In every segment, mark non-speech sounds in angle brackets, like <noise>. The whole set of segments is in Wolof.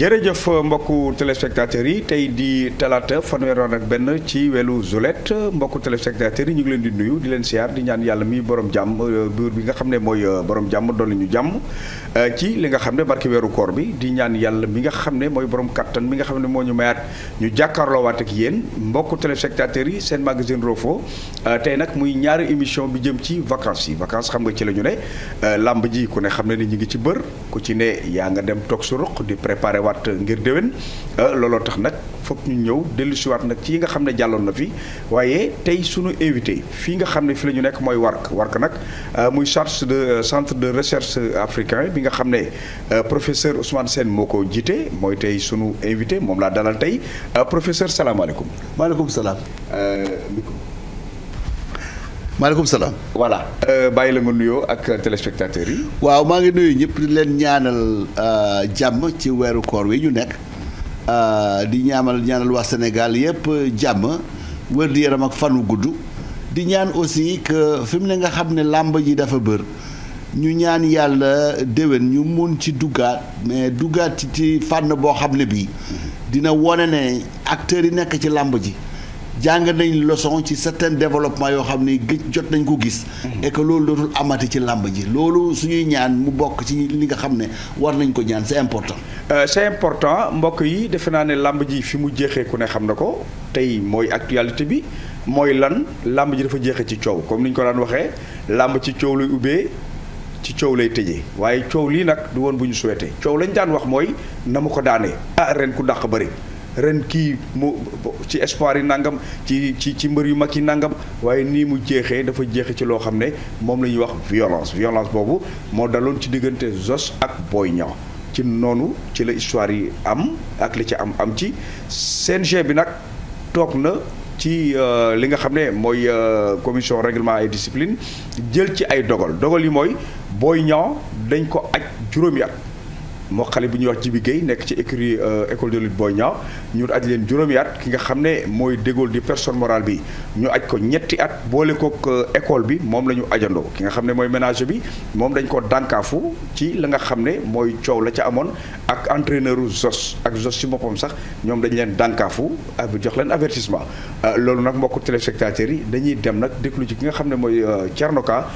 jërëjëf mbokku téléspectateurs yi tey di talaata fanweeroon ak benn ci welu Zulette mbokku téléspectateurs yi ñu ngi leen di nuyu di leen siyaar di ñaan yàlla mi borom jàmm euh, buur bi nga xam ne mooy euh, borom jàmm ñu jàmm euh, ci li nga xam ne barki weeru koor bi di ñaan yàlla mi nga xam ne mooy borom kattan mi nga xam ne moo ñu mayaat ñu jàkkaarloowaat ak yéen mbokku téléspectateurs yi seen magazine Rofo tey nag muy ñaari émission bi jëm ci vacances yi vacances xam nga ci la ñu ne làmb ji ku ne xam ne ni ñu ngi ci bër ku ci ne yaa nga dem toog su roq di préparer waat ngir déwén euh, looloo tax nag foog ñu ñëw dellu si waat nag ci yi nga xam ne jàlloon na fi waaye tey sunu invité fii nga xam ne fi la ñu nekk mooy WARC wark nag euh, muy charge de euh, centre de recherche africain bi nga xam ne professeur Ousmane Sène moo ko jiite mooy tey suñu invité moom laa dalal tey professeur salaamaaleykum. maaleykum salaam. maaleykum salaam. voilà euh, bàyyi la nga nuyoo ak téléspectateurs yi. waaw maa ngi nuyu ñëpp di leen ñaanal euh, jàmm ci weeru koor wi ñu nekk euh, di ñaamal ñaanal waa Sénégal yëpp jàmm wër di yaram ak fan wu gudd. di ñaan aussi que fi ne nga xam ne làmb ji dafa bër ñu ñaan yàlla déwén ñu mun ci duggaat mais duggaat ci fànn boo xam ne bii mm-hmm. dina wone ne acteurs yi nekk ci làmb ji. jàng nañ leçon ci certain développement yoo xam ne gëj jot nañ ko gis. Mm-hmm. et loolu dootul amati ci làmb ji loolu suñuy ñaan mu bokk ci li nga xam ne war nañ ko ñaan c'est important. Euh, c'est important mbokk yi defe naa ne làmb ji fi mu jeexee ku ne xam na ko tey mooy actualité bi mooy lan làmb ji dafa jeexee ci coow comme ni ñu ko daan waxee làmb ci coow lay ubbee. ci coow lay tëjee waaye coow lii nag du woon bu ñu souhaité coow lañ daan wax mooy na ma ko daanee ah ren ku dàq bëri ren kii mu ci espoir yi nangam ci ci ci mbër yu mag yi nangam waaye nii mu jeexee dafa jeexe ci loo xam ne moom la ñuy wax violence violence boobu moo daloon ci diggante Zos ak Boy ñaw ci noonu ci la histoire yi am ak li ci am am ci seen g bi nag toog na ci euh, li nga xam ne mooy euh, commission règlement et discipline jël ci ay dogal dogal yi mooy booy ñaw dañ ko aj juróomi at moo xale bi ñuy wax Jibi Guèye nekk ci écurie euh, école de lutte Boy Niang ñu aj leen juróomi at ki nga xam ne mooy dégool di personne morale bi ñu aj ko ñetti at boole kook euh, école bi moom la ñu ajandoo ki nga xam ne mooy ménage bi moom dañ ko dànkaafu ci la nga xam ne mooy coow la ci amoon ak entraîneur Zos ak Zos ci boppam sax ñoom dañ leen dànkaafu jox leen avertissement loolu nag mbokku téléspectateurs yi dañuy dem nag déglu ci ki nga xam ne mooy Thierno Ka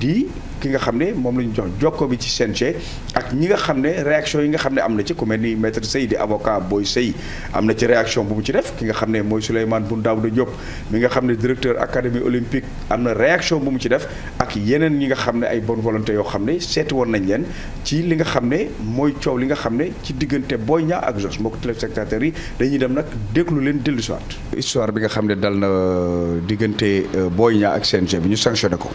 di ki nga xam ne moom lañu ñu jox jokko bi ci CNG ak ñi nga xam ne réaction yi nga xam ne am na ci ku mel ni maître Sey di avocat Boy Sey am na ci réaction bu mu ci def ki nga xam ne mooy Souleymane Boun Daouda Diop mi nga xam ne directeur académie olympique am na réaction bu mu ci def ak yeneen ñi nga xam ne ay bonne volonté yoo xam ne seeti woon nañ leen nga xam ne ne ci diggante Boy Niang ak moo mbokk téléspectateurs yi dañuy dem nag déglu leen dellu si waat histoire bi nga xam ne dal na euh, diggante euh, Boy Niang ak CNG bi ñu sanctionné ko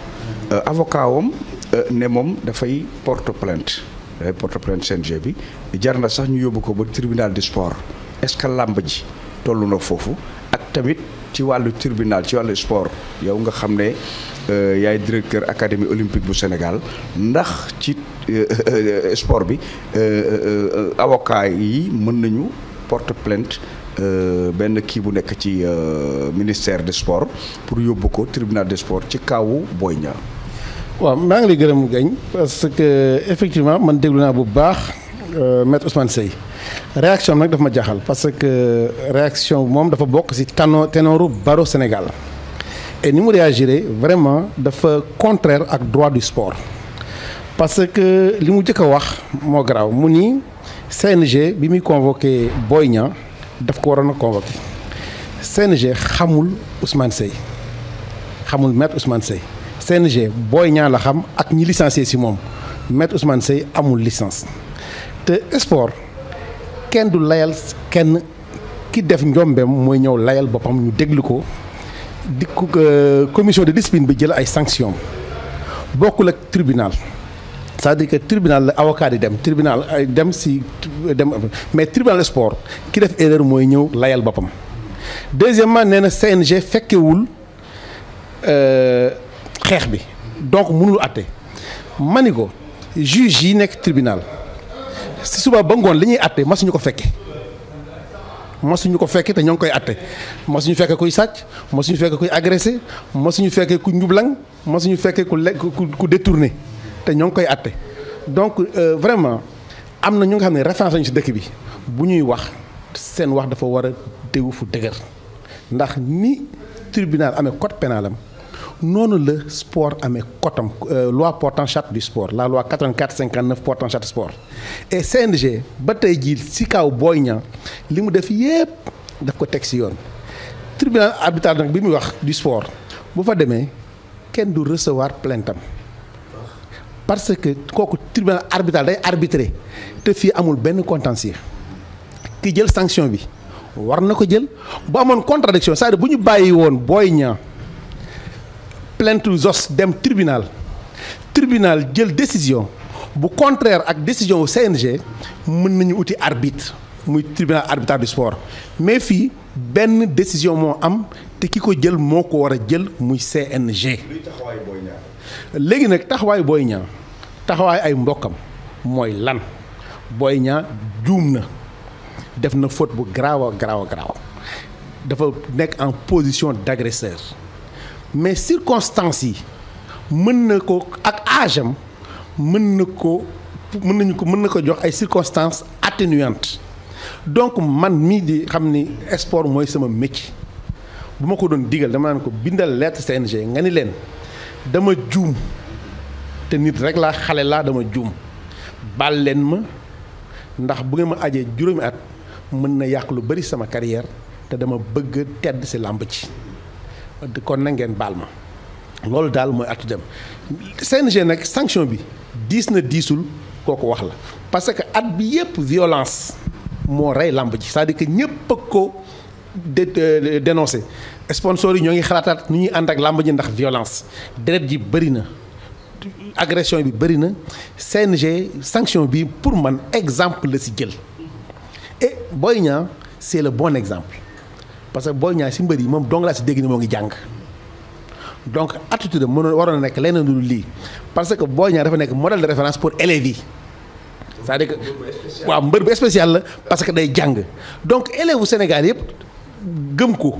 euh, avocat ne moom dafay porte plainte dafay porte plainte CNG bi jar na sax ñu yóbbu ko ba tribunal de sport est-ce que làmb ji tollu na foofu ak tamit ci wàllu tirbinal ci wàllu sport yow nga xam ne euh, yaay directeur académie olympique bu Sénégal ndax ci euh, <laughs> sport bi euh, avocat yi mën nañu porte plainte benn kii bu nekk ci ministère des sports pour yóbbu ko tirbinal des sport ci kaawu Boy Niang waaw maa ngi lay gërëm gañ parce que effectivement man déglu naa bu baax maître Ousmane Seye réaction bi nag dafa ma jaaxal parce que euh, réaction bi moom dafa bokk ci tano ténoru baro Sénégal et ni mu réagiré vraiment dafa contraire ak droit du sport parce que li mu jëkk a wax moo garaaw mu ni CNG bi muy convoqué Boy ñaa daf ko waroon a convoqué CNG xamul Ousmane Seye xamul maître Ousmane Seye CNG Boy ñaa la xam ak ñi licencié ci moom maître Ousmane Seye amul licence te sport. kenn du layal kenn ki def njombeem mooy ñëw layal boppam ñu déglu ko dikku ko euh, commission de discipline bi jël ay sanctions bokkul ak tribunal c'est-à-dire que tribunal la avocat di dem tribunal ay dem si dem mais tribunal sport ki def erreur mooy ñëw layal boppam. deuxièmement nee na CNG fekkewul euh, xeex bi donc mënul àtte ma ni ko juge yi nekk tribunal. si suba ba ngoon li ñuy àtte masuñu ko fekke ñu ko fekkee te ñoo ngi koy àtte masuñu fekke kuy sàcc masuñu fekke kuy agressé masuñu fekke ku njublang masuñu fekkee ku lekk ku détourné te ñoo ngi koy àtte donc euh, vraiment am na ñu nga xam ne référence lañu si dëkk bi bu ñuy wax seen wax dafa war a tegu fu dëgër ndax ni tribunal amee code pénal am noonu la sport amee kotam euh, loi portant charte du sport la loi 84 59 portant charte sport et CNG ba tey jii si kaw Boy Niang li mu def yépp daf ko teg si yoon tribunal arbitral nag bi muy wax du sport bu fa demee kenn du recevoir plainte am parce que kooku tribunal arbitral day arbitrer te fii amul benn contentieux ki jël sanction bi war na ko jël bu amoon contradiction c'est-à-dire bu ñu bàyyi woon Boy Niang plainte Zos dem tribunal tribunal jël décision bu contraire ak décision wu CNG mën nañu uti arbitre muy tribunal arbitral du sport mais fii benn décision moo am te ki ko jël moo ko war a jël muy CNG. léegi nag taxawaay booy Niang taxawaay ay mbokkam mooy lan booy ñaa juum na def na foot bu garaaw a garaaw a garaaw dafa nekk en position d' agresseur. mais circonstances yi mën na ko ak âge mën na ko mën nañu ko mën na ko jox ay circonstances atténuantes donc man mii di xam ni sport mooy sama métier bu ma ko doon digal dama naan ko bindal lettre CNG nga ni leen dama juum te nit rek laa xale laa dama juum baal leen ma ndax bu ngeen ma ajee juróomi at mën na yàq lu bari sama carrière te dama bëgg tedd ci làmb ci kon na ngeen baal ma loolu daal mooy atu dem CNG nag sanction bi diis na diisul kooku wax la parce que at bi yëpp violence moo rey làmb ji c'est-à-dire que ñëpp ak ko euh, dénoncé sponsors yi ñoo ngi xalaataat nu ñuy ànd ak làmb ji ndax violence deret ji bëri na agression bi bëri na CNG sanction bi pour man exemple la si jël et Boy Niang c'est le bon exemple parce que Boy Niang si mbër yi moom dong laa si dégg ni moo ngi jàng donc attitude am mënoon waroon a nekk leneen lu lii parce que Boy Niang dafa nekk modèle de référence pour élèves yi c'est-à-dire waaw mbër bu spécial la parce que day jàng donc élèves bu Sénégal yëpp gëm ko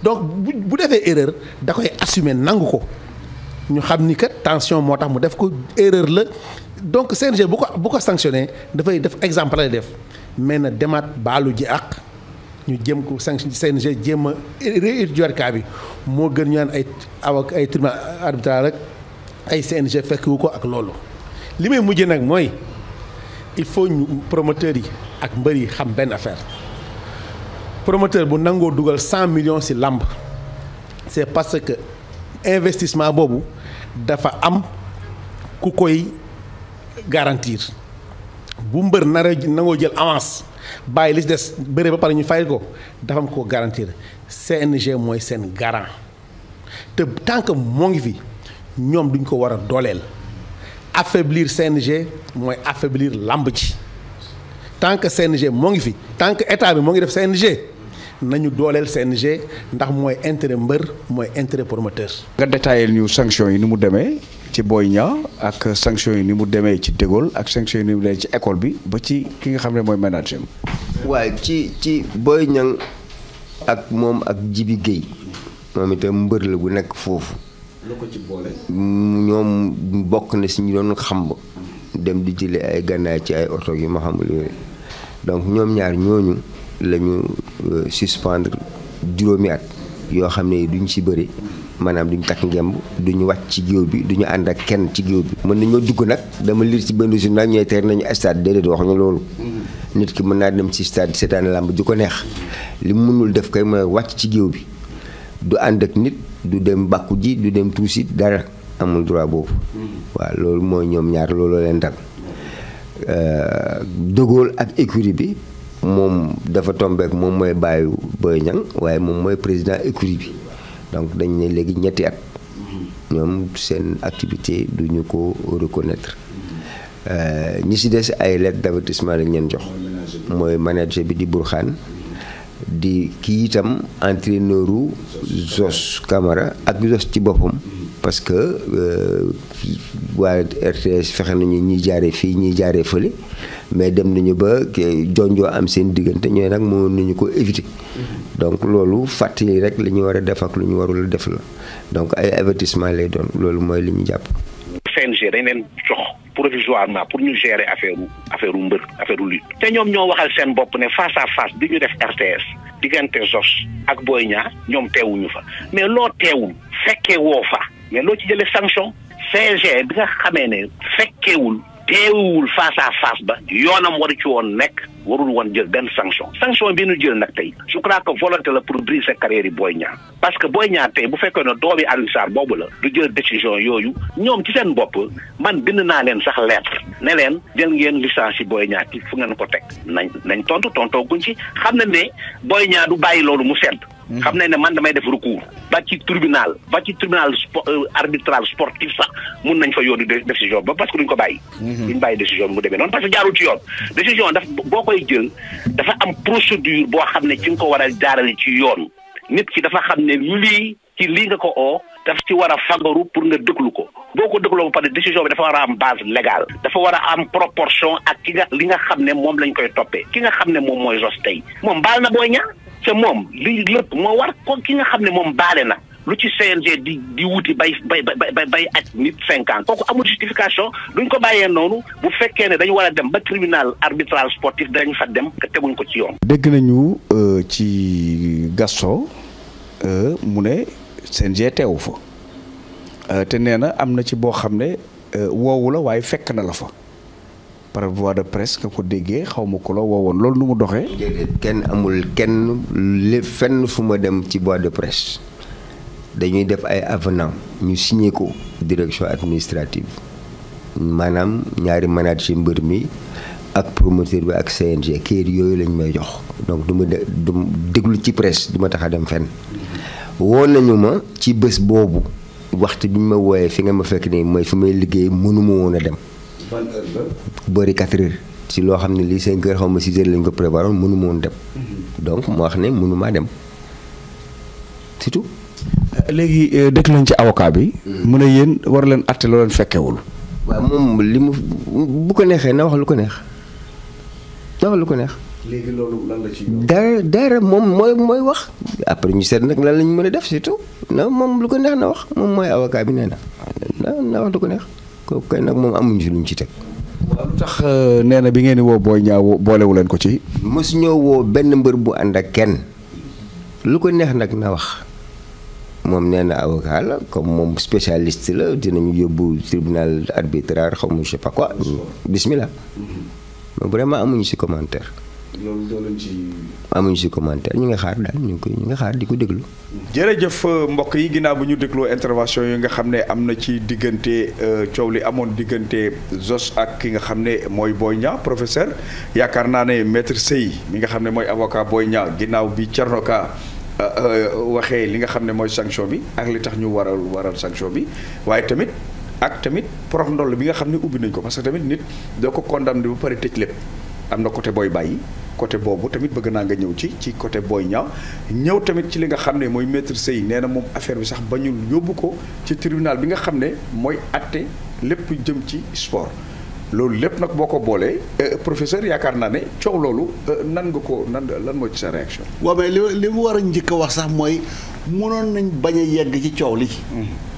donc bu bu defee erreur da koy assumer nangu ko ñu xam ni kat tension moo tax mu def ko erreur la donc CNG bu ko bu ko sanctionné dafay def exemple lay def mais na demaat baalu ji ak ñu jëm ko sanction CNG jéem a réétudier cas bi moo gën ñu naan ay awak ay tribunal arbitral rek ay CNG fekk ko ak loolu. li may mujj nag mooy il faut ñu promoteur yi ak mbër yi xam benn affaire promoteur bu nangoo dugal cent million ci làmb c'est parce que investissement boobu dafa am ku koy garantir bu mbër nara nangoo jël avance. bàyyi li des bëre ba pare ñu fay ko dafa am koo garantir CNG mooy seen garant te tant que moo ngi fi ñoom duñ ko war a dooleel affaiblir CNG mooy affaiblir làmb ji tant que CNG moo ngi fi tant que état bi moo ngi def CNG. nañu dooleel CNG ndax mooy intérêt mbër mooy intérêt promoteur. nga détaillé ñu sanction yi ni mu demee ci Boy Niang ak sanction yi ni mu demee ci Dégol ak sanction yi ni mu demee ci école bi ba ci ki nga xam ne mooy manager waaye ci ci Boy ñan ak moom ak Jibi Guèye moom itam mbër la bu nekk foofu. lu ko ci boole. ñoom bokk na si ñu doon xam. dem di jëlee ay gannaay ci ay oto yi ma xamul yooyu donc ñoom ñaar ñooñu. la ñu euh, suspendre juróomi at yoo xam ne duñu ci bëri maanaam duñu takk ngemb duñu wàcc ci géew bi duñu ànd ak kenn ci géew bi. mën nañoo dugg nag dama liir ci benn journal ñooy teer nañu stade déedéet waxuñu loolu. Mm-hmm. nit ki mën naa dem ci stade seetaan làmb ju ko neex li mu mënul def kay mooy wàcc ci géew bi du ànd ak nit du dem bàkku ji du dem tuusi dara amul droit boobu. Mm-hmm. waaw loolu mooy ñoom ñaar looloo leen dal. Euh, dogool ak écurie bi. moom dafa tombeek moom mooy bàyyi Boy Niang waaye moom mooy président écurie bi donc dañ ne léegi ñetti at ñoom seen activité du ñu ko reconnaître euh, ñi si des ay lettre d'avertissement lañ neen jox mooy manager bi di Bourkhane di kii itam entraîneuru Zos Camara ak Zos ci boppam parce que euh, waa RTS fexe nañu ñuy jaaree fii ñuy jaaree fële mais dem nañu ba jonjoo am seen diggante ñooy nag moo nañu ko éviter. Mm-hmm. donc loolu fàttali rek li ñu war a def ak lu ñu warul def la donc ay avertissement lay doon loolu mooy li ñu jàpp. CNG dañ leen jox provisoirement pour ñu gérer affaire affaire mbër affaire lutte te ñoom ñoo waxal seen bopp ne face à face bi ñu def RTS diggante Zos ak Boy Niang ñoom teewuñu fa mais loo teewul fekkee woo fa. mais loo ci jëlee sanction CG bi nga xamee ne fekkewul teewul face à face ba yoonam waru ci woon nekk warul woon jël benn sanction sanction bi nu jël nag tey je crois que volonté la pour briser carrière yi Boy Niang parce que booy Niang tey bu fekkee ne doomi Alioune Sarr boobu la du jël décision yooyu ñoom ci seen bopp man bind naa leen sax lettre ne leen jël ngeen licence yi booy Niang ci fu ngeen ko teg nañ nañ tontu tontoo guñ ci xam na ne Boy Niang du bàyyi loolu mu sedd Hmm. xam nañ ne man damay def recours. ba ci tribunal ba ci tribunal spo euh, arbitral sportif sax mun nañ fa yoonu décision ba parce que duñ ko bàyyi. Hmm. duñ bàyyi décision bi mu demee noonu parce que jaarul ci yoon. décision daf boo koy jël dafa am procédure boo xam ne ci nga ko war a jaarale ci yoon nit ki dafa xam ne lii ci lii nga ko oo daf ci war a fagaru pour nga déglu ko boo ko dégloo ba pare décision bi dafa war a am base légale dafa war a am proportion ak ki li nga xam ne moom lañ koy toppee ki nga xam ne moom mooy jos tey moom baal ca moom li lépp moo war ko ki nga xam ne moom baale na lu ci CNG di di wuti bay bay bay bay at nit cinq ans kooku amul justification duñ ko bàyyee noonu bu fekkee ne dañu war a dem ba tribunal arbitral sportif dañu fa dem te teguñ ko ci yoon. dégg nañu euh, ci gasto euh, mu ne CNG teewu fa euh, te nee na am na ci boo xam ne woowu la waaye fekk na la fa. par voie de presse nga ko déggee xaw ma ku la woowoon loolu nu mu doxee. kenn amul kenn li fenn fu ma dem ci voie de presse dañuy def ay avenant ñu signé ko direction administrative maanaam ñaari manager mbër mi ak promoteur bi ak CNG kër yooyu lañ may jox donc du ma de du déglu ci presse du ma tax a dem fenn woo nañu ma ci bés boobu waxtu bi ñu ma wooyee fi nga ma fekk nii mooy fi may liggéey mënuma woon a dem. ban heure ba. boori 4 si loo xam ne lii seen kër xaw ma si heures lañ ko prévoir mënu ma woon dem. Mhm. donc moo wax ne mënu maa dem c'est tout. léegi euh, dëkk lañ ci awokaa bi. Mhm. mu a yéen war leen àtte loo leen fekkewul. waaw moom li mu bu ko neexee na wax lu ko neex na wax lu ko neex. léegi loolu la ci. moom mooy mooy wax. après ñu seet nag lan la ñu mën a def surtout na moom lu ko neex na wax moom mooy avocat bi nee na na na wax lu ko neex. kooku nag moom amuñu si luñ ci teg. waaw lu tax euh, nee na bi ngeen woo booy ñaaw boolewu leen ko ci. mos ñoo woo benn mbër bu ànd ak kenn lu ko neex nag na wax moom nee na avocat la comme moom spécialiste la dinañu yóbbu tribunal arbitraire xaw ma je sais pas quoi mm-hmm. vraiment amuñu si commentaire. loolu doo leen ci. amuñu si commentaire ñu nga xaar daal ñu ngi koy ñu xaar di ko déglu. jërëjëf mbokk yi ginnaaw bu ñu dégloo intervention yi nga xam ne am na ci diggante euh, coow li amoon diggante Zos ak ki nga xam ne mooy Boy Niang professeur yaakaar naa ne maître Sey mi nga xam ne mooy avocat Boy Niang ginnaaw bi Thierno Ka euh, euh, waxee li nga xam ne mooy sanction bi ak li tax ñu waral waral sanction bi waaye tamit. ak tamit porox ndoll bi nga xam ne ubbi nañ ko parce que tamit nit doo ko condamné ba pare tëj lépp am na côté booy bàyyi côté boobu tamit bëgg naa nga ñëw ci ci côté booy ñaw ñëw tamit ci li nga xam ne mooy maître sëy nee na moom affaire bi sax ba ñu yóbbu ko ci tribunal bi nga xam ne mooy àtte lépp jëm ci sport loolu lépp nag boo ko boolee euh, professeur yaakaar naa ne coow loolu euh, nan nga ko nan lan mooy ci sa réaction. waaw mais li li mu war a njëkk a wax sax mooy mënoon nañ bañ a yegg ci coow li mm-hmm.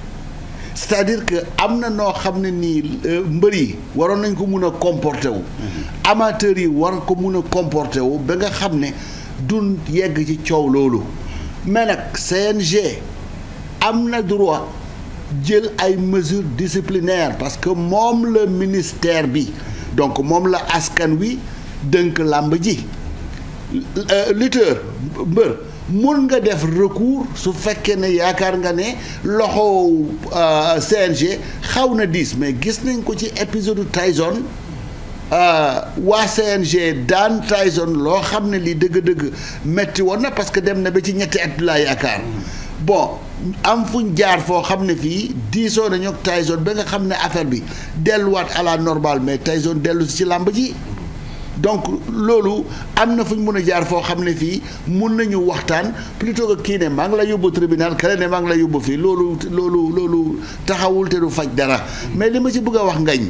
c'est-à-dire que am na noo xam ne nii euh, mbër yi waroon nañ ko mun a comporté wu. Mm-hmm. amateurs yi war ko mun a comporté wu ba nga xam ne duñ yegg ci coow loolu mais nag CNG am na droit jël ay mesures disciplinaires parce que moom la ministère bi donc moom la askan wi dënk làmb ji euh, lutteur mbër. mën nga def recours su fekkee ne yaakaar nga ne loxo euh, CNG xaw na diis mais gis nañ ko ci épisode Tyson euh, waa CNG daan Tyson loo xam ne lii dëgg-dëgg metti woon na parce que dem na ba ci ñetti at laa yaakaar bon am fuñ jaar foo xam ne fii diisoo nañu ak Tyson ba nga xam ne affaire bi delluwaat à la normale mais Tyson dellusi si ci làmb ji. donc loolu am na fu ñu mën a jaar foo xam ne fii mun nañu waxtaan plutôt que kii ne maa la yóbbu tribunal kale ne maa la yóbbu fii loolu loolu loolu taxawul te du faj dara mais li ma ci bëgg a wax ngañ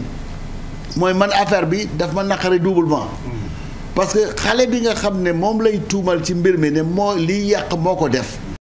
mooy man affaire bi daf ma naqari doublement mm. parce que xale bi nga xam ne moom lay tuumal ci mbir mi ne moo liy yàq moo ko def